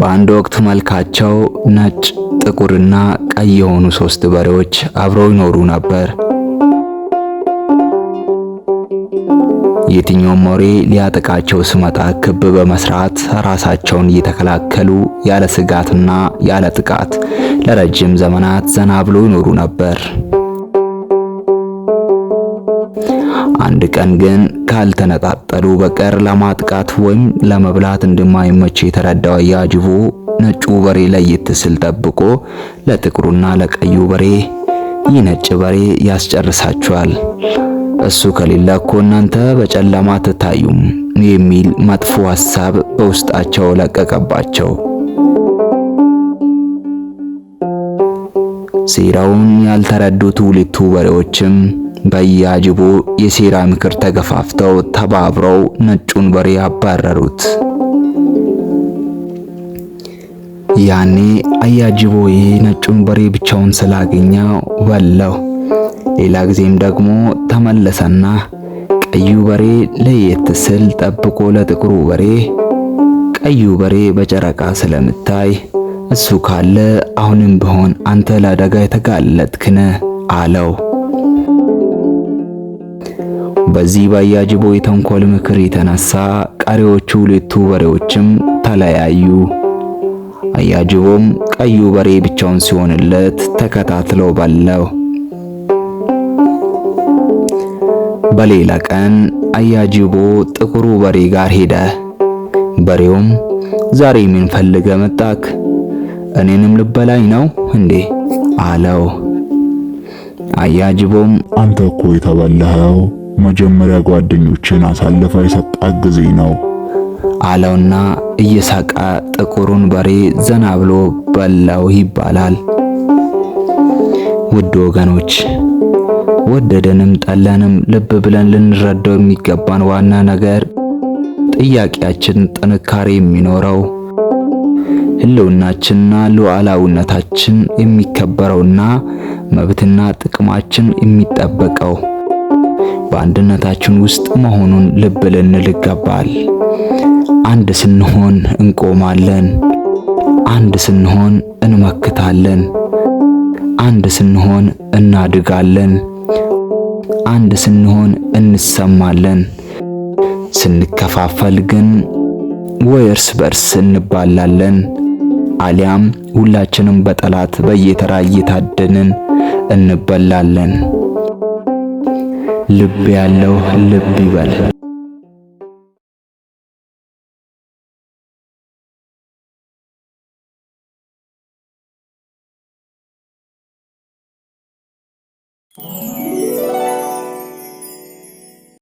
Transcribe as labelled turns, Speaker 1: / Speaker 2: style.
Speaker 1: በአንድ ወቅት መልካቸው ነጭ፣ ጥቁርና ቀይ የሆኑ ሶስት በሬዎች አብረው ይኖሩ ነበር። የትኛውም ወሬ ሊያጠቃቸው ሲመጣ ክብ በመስራት ራሳቸውን እየተከላከሉ ያለ ስጋትና ያለ ጥቃት ለረጅም ዘመናት ዘና ብሎ ይኖሩ ነበር። አንድ ቀን ግን ካልተነጣጠሉ በቀር ለማጥቃት ወይም ለመብላት እንደማይመች የተረዳው ያጅቦ ነጩ በሬ ለየት ስል ጠብቆ ለጥቁሩና ለቀዩ በሬ ይህ ነጭ በሬ ያስጨርሳችኋል፣ እሱ ከሌለ እኮ እናንተ በጨለማ ትታዩም የሚል መጥፎ ሐሳብ በውስጣቸው ለቀቀባቸው። ሴራውን ያልተረዱት ሁለቱ በሬዎችም በየአጅቡ የሴራ ምክር ተገፋፍተው ተባብረው ነጩን በሬ አባረሩት። ያኔ አያጅቦ ይህ ነጩን በሬ ብቻውን ስላገኛ በላው። ሌላ ጊዜም ደግሞ ተመለሰና ቀዩ በሬ ለየት ስል ጠብቆ ለጥቁሩ በሬ ቀዩ በሬ በጨረቃ ስለምታይ እሱ ካለ አሁንም ቢሆን አንተ ለአደጋ የተጋለጥክነ አለው። በዚህ ባያጅቦ የተንኮል ምክር የተነሳ ቀሪዎቹ ሁለቱ በሬዎችም ተለያዩ። አያጅቦም ቀዩ በሬ ብቻውን ሲሆንለት ተከታትሎ በላው። በሌላ ቀን አያጅቦ ጥቁሩ በሬ ጋር ሄደ። በሬውም ዛሬ ምን ፈልገ መጣክ? እኔንም ልበላኝ ነው እንዴ አለው። አያጅቦም አንተ እኮ የተበላኸው መጀመሪያ ጓደኞችን አሳልፋ የሰጣት ጊዜ ነው አለውና እየሳቀ ጥቁሩን በሬ ዘና ብሎ በላው ይባላል። ውድ ወገኖች ወደደንም ጠላንም ልብ ብለን ልንረዳው የሚገባን ዋና ነገር ጥያቄያችን ጥንካሬ የሚኖረው ህልውናችንና ሉዓላዊነታችን የሚከበረውና መብትና ጥቅማችን የሚጠበቀው በአንድነታችን ውስጥ መሆኑን ልብ ልንል ይገባል። አንድ ስንሆን እንቆማለን። አንድ ስንሆን እንመክታለን። አንድ ስንሆን እናድጋለን። አንድ ስንሆን እንሰማለን። ስንከፋፈል ግን ወይ እርስ በርስ እንባላለን አሊያም ሁላችንም በጠላት በየተራ እየታደንን እንበላለን። ልብ ያለው ልብ ይበል።